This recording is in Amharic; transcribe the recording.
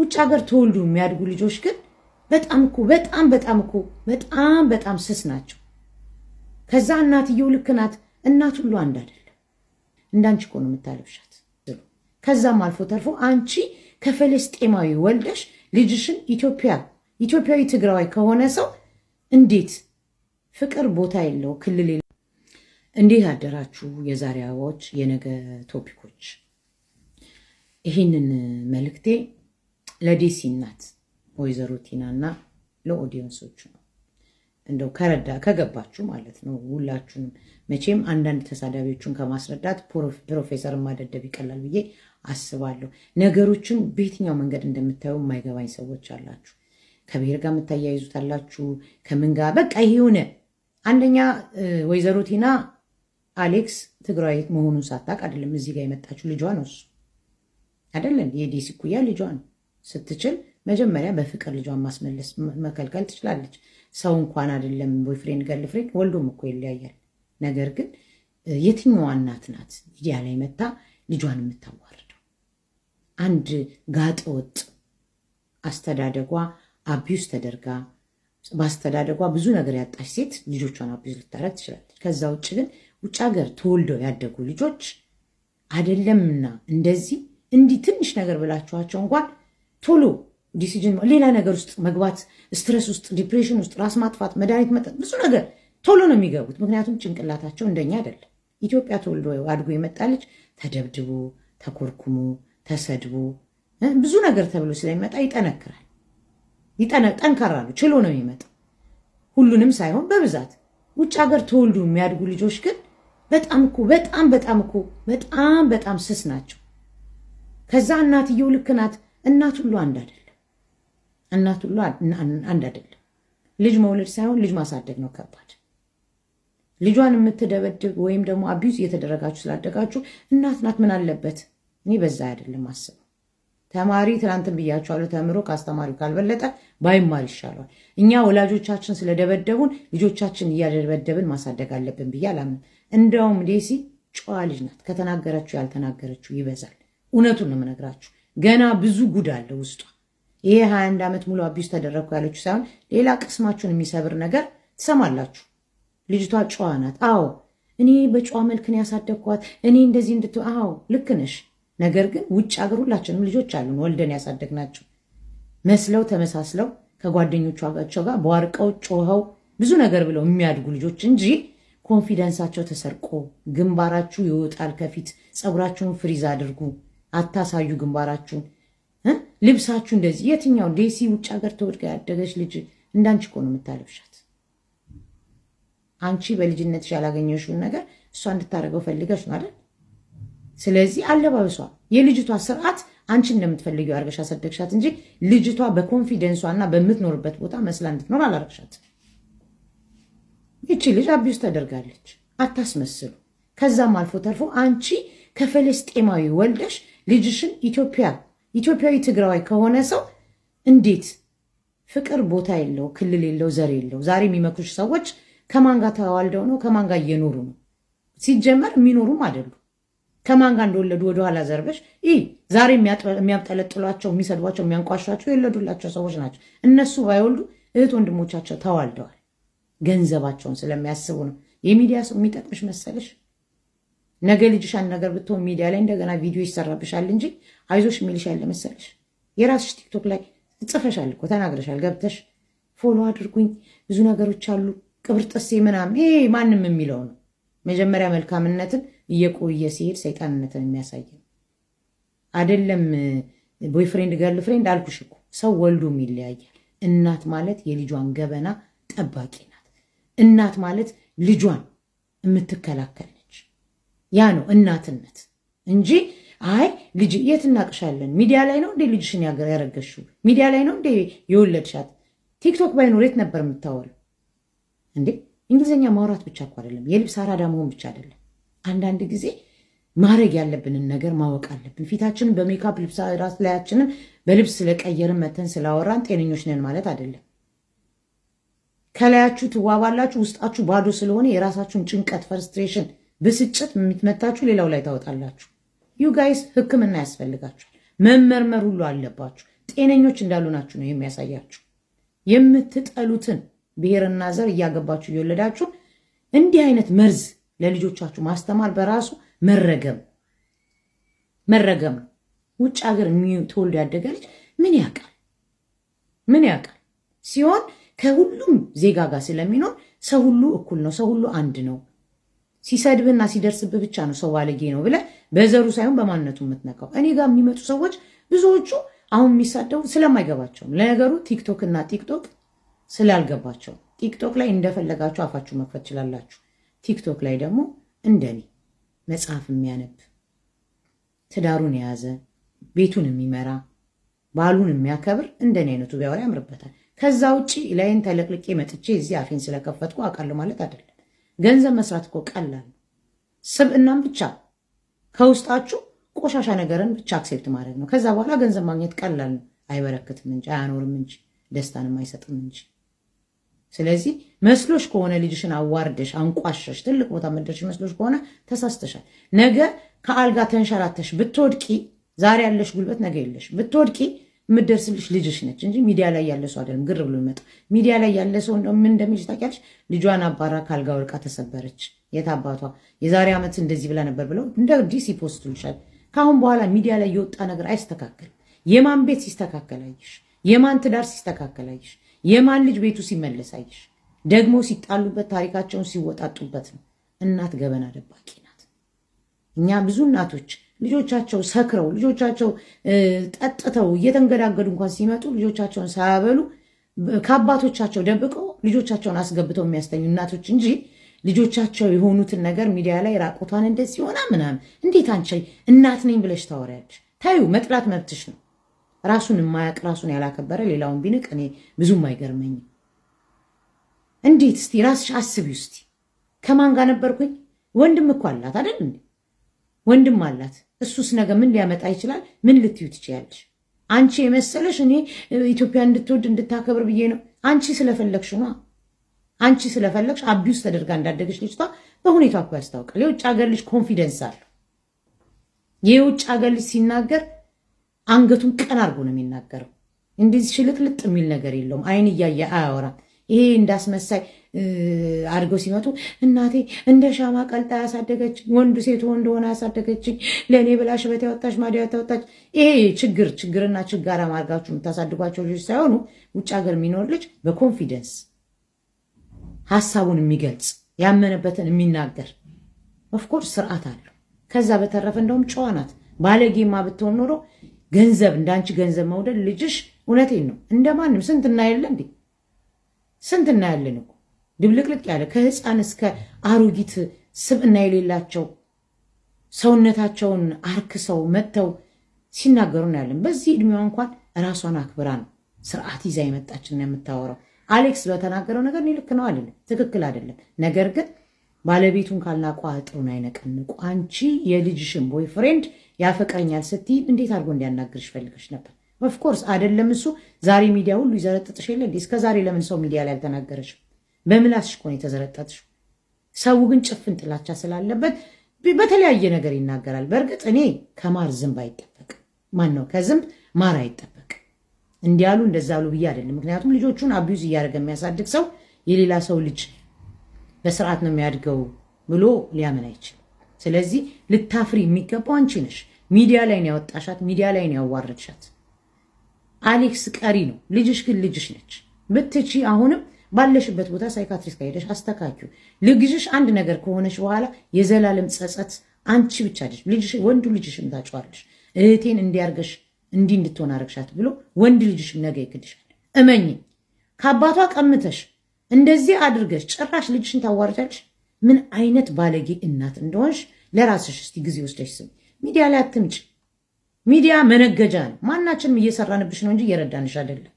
ውጭ ሀገር ተወልዱ የሚያድጉ ልጆች ግን በጣም እኮ በጣም በጣም እኮ በጣም በጣም ስስ ናቸው። ከዛ እናትየው ልክ ናት። እናት ሁሉ አንድ አይደለም። እንዳንቺ እኮ ነው የምታለብሻት። ከዛም አልፎ ተርፎ አንቺ ከፈለስጤማዊ ወልደሽ ልጅሽን ኢትዮጵያ ኢትዮጵያዊ ትግራዋይ ከሆነ ሰው እንዴት ፍቅር ቦታ የለው ክልል የለ። እንዴት አደራችሁ የዛሬ አበባዎች፣ የነገ ቶፒኮች። ይህንን መልእክቴ ለዴሲ እናት ወይዘሮ ቲና እና ለኦዲየንሶቹ ነው። እንደው ከረዳ ከገባችሁ ማለት ነው ሁላችሁንም። መቼም አንዳንድ ተሳዳቢዎቹን ከማስረዳት ፕሮፌሰር ማደደብ ይቀላል ብዬ አስባለሁ። ነገሮችን በየትኛው መንገድ እንደምታዩ የማይገባኝ ሰዎች አላችሁ። ከብሔር ጋር የምታያይዙት አላችሁ። ከምን ጋር በቃ አንደኛ ወይዘሮ ቲና አሌክስ ትግራዊ መሆኑን ሳታውቅ አይደለም እዚህ ጋር የመጣችሁ ልጇ ነው እሱ አይደለም የዴሲ ኩያ ልጇ ነው። ስትችል መጀመሪያ በፍቅር ልጇን ማስመለስ መከልከል ትችላለች። ሰው እንኳን አይደለም ቦይፍሬንድ ገልፍሬ ወልዶም እኮ ይለያያል። ነገር ግን የትኛዋ እናት ናት ሚዲያ ላይ መታ ልጇን የምታዋርደው? አንድ ጋጠ ወጥ አስተዳደጓ አቢዩስ ተደርጋ በአስተዳደጓ ብዙ ነገር ያጣች ሴት ልጆቿን አቢዩስ ልታረግ ትችላለች። ከዛ ውጭ ግን ውጭ ሀገር ተወልደው ያደጉ ልጆች አይደለምና እንደዚህ እንዲህ ትንሽ ነገር ብላችኋቸው እንኳን ቶሎ ዲሲዥን ሌላ ነገር ውስጥ መግባት፣ ስትረስ ውስጥ፣ ዲፕሬሽን ውስጥ፣ ራስ ማጥፋት፣ መድኃኒት መጠጥ፣ ብዙ ነገር ቶሎ ነው የሚገቡት። ምክንያቱም ጭንቅላታቸው እንደኛ አይደለም። ኢትዮጵያ ተወልዶ አድጎ የመጣ ልጅ ተደብድቦ፣ ተኮርኩሞ፣ ተሰድቦ ብዙ ነገር ተብሎ ስለሚመጣ ይጠነክራል። ጠንካራ ነው፣ ችሎ ነው የሚመጣው። ሁሉንም ሳይሆን በብዛት ውጭ ሀገር ተወልዱ የሚያድጉ ልጆች ግን በጣም እኮ በጣም በጣም እኮ በጣም በጣም ስስ ናቸው። ከዛ እናትየው ልክ ናት እናት ሁሉ አንድ አይደለም። እናት ሁሉ አንድ አይደለም። ልጅ መውለድ ሳይሆን ልጅ ማሳደግ ነው ከባድ። ልጇን የምትደበድብ ወይም ደግሞ አቢዩዝ እየተደረጋችሁ ስላደጋችሁ እናት ናት፣ ምን አለበት? እኔ በዛ አይደለም አስበው። ተማሪ ትናንትን ብያቸዋለሁ፣ ተምሮ ከአስተማሪው ካልበለጠ ባይማር ይሻለዋል። እኛ ወላጆቻችን ስለደበደቡን ልጆቻችን እያደበደብን ማሳደግ አለብን ብዬ አላምንም። እንደውም ዴሲ ጨዋ ልጅ ናት። ከተናገረችው ያልተናገረችው ይበዛል። እውነቱን ነው የምነግራችሁ። ገና ብዙ ጉድ አለ ውስጧ። ይሄ 21 ዓመት ሙሉ አቢዩስ ተደረግኩ ያለችው ሳይሆን ሌላ ቅስማችሁን የሚሰብር ነገር ትሰማላችሁ። ልጅቷ ጨዋ ናት። አዎ እኔ በጨዋ መልክን ያሳደግኳት እኔ እንደዚህ እንድት አዎ ልክ ነሽ። ነገር ግን ውጭ ሀገር ሁላችንም ልጆች አሉን ወልደን ያሳደግናቸው መስለው ተመሳስለው ከጓደኞቻቸው ጋር በዋርቀው ጮኸው ብዙ ነገር ብለው የሚያድጉ ልጆች እንጂ ኮንፊደንሳቸው ተሰርቆ ግንባራችሁ ይወጣል ከፊት ፀጉራችሁን ፍሪዝ አድርጉ አታሳዩ ግንባራችሁን፣ ልብሳችሁ እንደዚህ። የትኛው ዴሲ ውጭ ሀገር ተወድጋ ያደገች ልጅ እንዳንቺ እኮ ነው የምታለብሻት። አንቺ በልጅነትሽ ያላገኘሽውን ነገር እሷ እንድታደርገው ፈልገሽ ነው አይደል? ስለዚህ አለባበሷ የልጅቷ ስርዓት አንቺ እንደምትፈልጊው አድርገሽ አሳደግሻት እንጂ ልጅቷ በኮንፊደንሷ እና በምትኖርበት ቦታ መስላ እንድትኖር አላረግሻት። ይቺ ልጅ አቢውስ ተደርጋለች። አታስመስሉ። ከዛም አልፎ ተርፎ አንቺ ከፈለስጤማዊ ወልደሽ ልጅሽን ኢትዮጵያ ኢትዮጵያዊ ትግራዋይ ከሆነ ሰው እንዴት ፍቅር ቦታ የለው፣ ክልል የለው፣ ዘር የለው። ዛሬ የሚመክሩሽ ሰዎች ከማን ጋር ተዋልደው ነው? ከማን ጋር እየኖሩ ነው? ሲጀመር የሚኖሩም አይደሉ። ከማን ጋር እንደወለዱ ወደኋላ ዘርበሽ ይህ ዛሬ የሚያብጠለጥሏቸው፣ የሚሰድቧቸው፣ የሚያንቋሿቸው የወለዱላቸው ሰዎች ናቸው። እነሱ ባይወልዱ እህት ወንድሞቻቸው ተዋልደዋል። ገንዘባቸውን ስለሚያስቡ ነው። የሚዲያ ሰው የሚጠቅምሽ መሰለሽ? ነገ ልጅሽ አንድ ነገር ብትሆን ሚዲያ ላይ እንደገና ቪዲዮ ይሰራብሻል እንጂ አይዞሽ የሚልሽ ያለ መሰለሽ? የራስሽ ቲክቶክ ላይ ጽፈሻል እኮ ተናግረሻል። ገብተሽ ፎሎ አድርጉኝ ብዙ ነገሮች አሉ ቅብር ጥሴ ምናምን፣ ይሄ ማንም የሚለው ነው። መጀመሪያ መልካምነትን እየቆየ ሲሄድ ሰይጣንነትን የሚያሳይ ነው። አይደለም ቦይፍሬንድ ገርል ፍሬንድ አልኩሽ እኮ ሰው ወልዶም ይለያያል። እናት ማለት የልጇን ገበና ጠባቂ ናት። እናት ማለት ልጇን የምትከላከል ያ ነው እናትነት እንጂ አይ ልጅ የት እናቅሻለን? ሚዲያ ላይ ነው እንዴ ልጅሽን ያረገሽው? ሚዲያ ላይ ነው እንዴ የወለድሻት? ቲክቶክ ባይኖር የት ነበር የምታወሪው? እንዴ እንግሊዝኛ ማውራት ብቻ እኮ አይደለም፣ የልብስ አራዳ መሆን ብቻ አይደለም። አንዳንድ ጊዜ ማድረግ ያለብንን ነገር ማወቅ አለብን። ፊታችንን በሜካፕ ልብስ ራስ ላያችንን በልብስ ስለቀየርን መተን ስላወራን ጤነኞች ነን ማለት አይደለም። ከላያችሁ ትዋባላችሁ፣ ውስጣችሁ ባዶ ስለሆነ የራሳችሁን ጭንቀት ፍርስትሬሽን ብስጭት የምትመታችሁ ሌላው ላይ ታወጣላችሁ። ዩ ጋይስ ህክምና ያስፈልጋችኋል። መመርመር ሁሉ አለባችሁ። ጤነኞች ናችሁ ነው የሚያሳያችሁ። የምትጠሉትን ብሔርና ዘር እያገባችሁ እየወለዳችሁ እንዲህ አይነት መርዝ ለልጆቻችሁ ማስተማር በራሱ መረገም መረገም ነው። ውጭ ሀገር ተወልዶ ያደገ ልጅ ምን ያውቃል? ምን ያውቃል ሲሆን ከሁሉም ዜጋ ጋር ስለሚኖር ሰው ሁሉ እኩል ነው፣ ሰው ሁሉ አንድ ነው ሲሰድብና ሲደርስብህ ብቻ ነው ሰው ባለጌ ነው ብለህ በዘሩ ሳይሆን በማንነቱ የምትነካው። እኔ ጋር የሚመጡ ሰዎች ብዙዎቹ አሁን የሚሳደቡ ስለማይገባቸው ለነገሩ ቲክቶክ እና ቲክቶክ ስላልገባቸው፣ ቲክቶክ ላይ እንደፈለጋችሁ አፋችሁ መክፈት ትችላላችሁ። ቲክቶክ ላይ ደግሞ እንደኔ መጽሐፍ የሚያነብ ትዳሩን የያዘ ቤቱን የሚመራ ባሉን የሚያከብር እንደኔ አይነቱ ቢያወራ ያምርበታል። ከዛ ውጭ ላይን ተለቅልቄ መጥቼ እዚህ አፌን ስለከፈትኩ አውቃለሁ ማለት አይደለም። ገንዘብ መስራት እኮ ቀላል ነው። ስብእናም ብቻ ከውስጣችሁ ቆሻሻ ነገርን ብቻ አክሴፕት ማድረግ ነው። ከዛ በኋላ ገንዘብ ማግኘት ቀላል ነው። አይበረክትም እንጂ አያኖርም እንጂ ደስታንም አይሰጥም እንጂ። ስለዚህ መስሎሽ ከሆነ ልጅሽን አዋርደሽ አንቋሸሽ ትልቅ ቦታ መደርሽ መስሎሽ ከሆነ ተሳስተሻል። ነገ ከአልጋ ተንሸራተሽ ብትወድቂ ዛሬ ያለሽ ጉልበት ነገ የለሽ ብትወድቂ የምደርስልሽ ልጅሽ ነች እንጂ ሚዲያ ላይ ያለ ሰው አይደለም። ግር ብሎ ይመጣ ሚዲያ ላይ ያለ ሰው ምን እንደሚልሽ ታውቂያለሽ? ልጇን አባራ ካልጋ ወድቃ ተሰበረች፣ የት አባቷ የዛሬ ዓመት እንደዚህ ብላ ነበር ብለው እንደ ዲሲ ፖስት ከአሁን በኋላ ሚዲያ ላይ የወጣ ነገር አይስተካከልም። የማን ቤት ሲስተካከል አየሽ? የማን ትዳር ሲስተካከል አየሽ? የማን ልጅ ቤቱ ሲመለስ አየሽ? ደግሞ ሲጣሉበት ታሪካቸውን ሲወጣጡበት ነው። እናት ገበና ደባቂ ናት። እኛ ብዙ እናቶች ልጆቻቸው ሰክረው ልጆቻቸው ጠጥተው እየተንገዳገዱ እንኳን ሲመጡ ልጆቻቸውን ሳያበሉ ከአባቶቻቸው ደብቀው ልጆቻቸውን አስገብተው የሚያስተኙ እናቶች እንጂ ልጆቻቸው የሆኑትን ነገር ሚዲያ ላይ ራቁቷን እንደዚህ ሲሆና ምናምን እንዴት አንቺ እናት ነኝ ብለሽ ታወሪያለሽ? ታዩ መጥላት መብትሽ ነው። ራሱን የማያቅ ራሱን ያላከበረ ሌላውን ቢንቅ እኔ ብዙም አይገርመኝም። እንዴት እስቲ ራስሽ አስቢው እስቲ። ከማን ጋር ነበርኩኝ? ወንድም እኮ አላት አይደል? እንዴ ወንድም አላት። እሱስ ነገ ምን ሊያመጣ ይችላል? ምን ልትዩ ትችያለሽ? አንቺ የመሰለሽ እኔ ኢትዮጵያ እንድትወድ እንድታከብር ብዬ ነው። አንቺ ስለፈለግሽ ነ አንቺ ስለፈለግሽ አቢውስ ተደርጋ እንዳደገች ልጅቷ በሁኔታ እኮ ያስታውቃል። የውጭ ሀገር ልጅ ኮንፊደንስ አለው። የውጭ ሀገር ልጅ ሲናገር አንገቱን ቀን አድርጎ ነው የሚናገረው። እንዲህ ሽልጥልጥ የሚል ነገር የለውም። አይን እያየ አያወራም። ይሄ እንዳስመሳይ አድርገው ሲመጡ እናቴ እንደ ሻማ ቀልጣ ያሳደገች ወንዱ ሴቱ ወንድ ሆነ ያሳደገችኝ ለእኔ ብላ ሽበት ያወጣች ማዲያ ያወጣች። ይሄ ችግር ችግርና ችጋራ ማርጋችሁ የምታሳድጓቸው ልጆች ሳይሆኑ ውጭ ሀገር የሚኖር ልጅ በኮንፊደንስ ሀሳቡን የሚገልጽ ያመነበትን የሚናገር ኦፍኮርስ ስርዓት አለው። ከዛ በተረፈ እንደውም ጨዋ ናት። ባለጌማ ብትሆን ኖሮ ገንዘብ እንዳንቺ ገንዘብ መውደድ ልጅሽ እውነቴን ነው እንደማንም ስንት እናያለን እንዴ ስንት እናያለን እኮ ድብልቅልቅ ያለ ከህፃን እስከ አሮጊት ስብዕና የሌላቸው ሰውነታቸውን አርክሰው መጥተው ሲናገሩ እናያለን። በዚህ እድሜዋ እንኳን ራሷን አክብራ ነው ስርዓት ይዛ የመጣችን የምታወራው። አሌክስ በተናገረው ነገር እኔ ልክ ነው አልልም፣ ትክክል አይደለም። ነገር ግን ባለቤቱን ካልናቋ ጥሩን አይነቀንቁ። አንቺ የልጅሽን ቦይፍሬንድ ያፈቅረኛል ስትይ እንዴት አድርጎ እንዲያናግርሽ ፈልገሽ ነበር? ኦፍኮርስ አይደለም። እሱ ዛሬ ሚዲያ ሁሉ ይዘረጥጥሽ የለ እንዴ? ለምን ሰው ሚዲያ ላይ አልተናገረችም? በምላስሽ እኮ ነው የተዘረጠጥሽው። ሰው ግን ጭፍን ጥላቻ ስላለበት በተለያየ ነገር ይናገራል። በእርግጥ እኔ ከማር ዝንብ አይጠበቅም። ማን ነው ከዝንብ ማር አይጠበቅም እንዲያሉ እንደዛ አሉ ብዬ አይደለም። ምክንያቱም ልጆቹን አቢዩዝ እያደረገ የሚያሳድግ ሰው የሌላ ሰው ልጅ በስርዓት ነው የሚያድገው ብሎ ሊያምን አይችልም። ስለዚህ ልታፍሪ የሚገባው አንቺ ነሽ። ሚዲያ ላይ ነው ያወጣሻት፣ ሚዲያ ላይ ነው ያዋረድሻት። አሌክስ ቀሪ ነው። ልጅሽ ግን ልጅሽ ነች። ብትቺ አሁንም ባለሽበት ቦታ ሳይካትሪስ ከሄደሽ አስተካኪ አስተካኪው። ልጅሽ አንድ ነገር ከሆነች በኋላ የዘላለም ጸጸት አንቺ ብቻ ልጅ ልጅሽ ወንዱ ልጅሽም ታጫዋለሽ። እህቴን እንዲያርገሽ እንዲህ እንድትሆን አረግሻት ብሎ ወንድ ልጅሽም ነገ ይክድሻል። እመኝ ከአባቷ ቀምተሽ እንደዚህ አድርገሽ ጭራሽ ልጅሽን ታዋርጃለሽ። ምን አይነት ባለጌ እናት እንደሆንሽ ለራስሽ እስቲ ጊዜ ወስደሽ ስም ሚዲያ ላይ አትምጭ። ሚዲያ መነገጃ ነው። ማናችንም እየሰራንብሽ ነው እንጂ እየረዳንሽ አይደለም።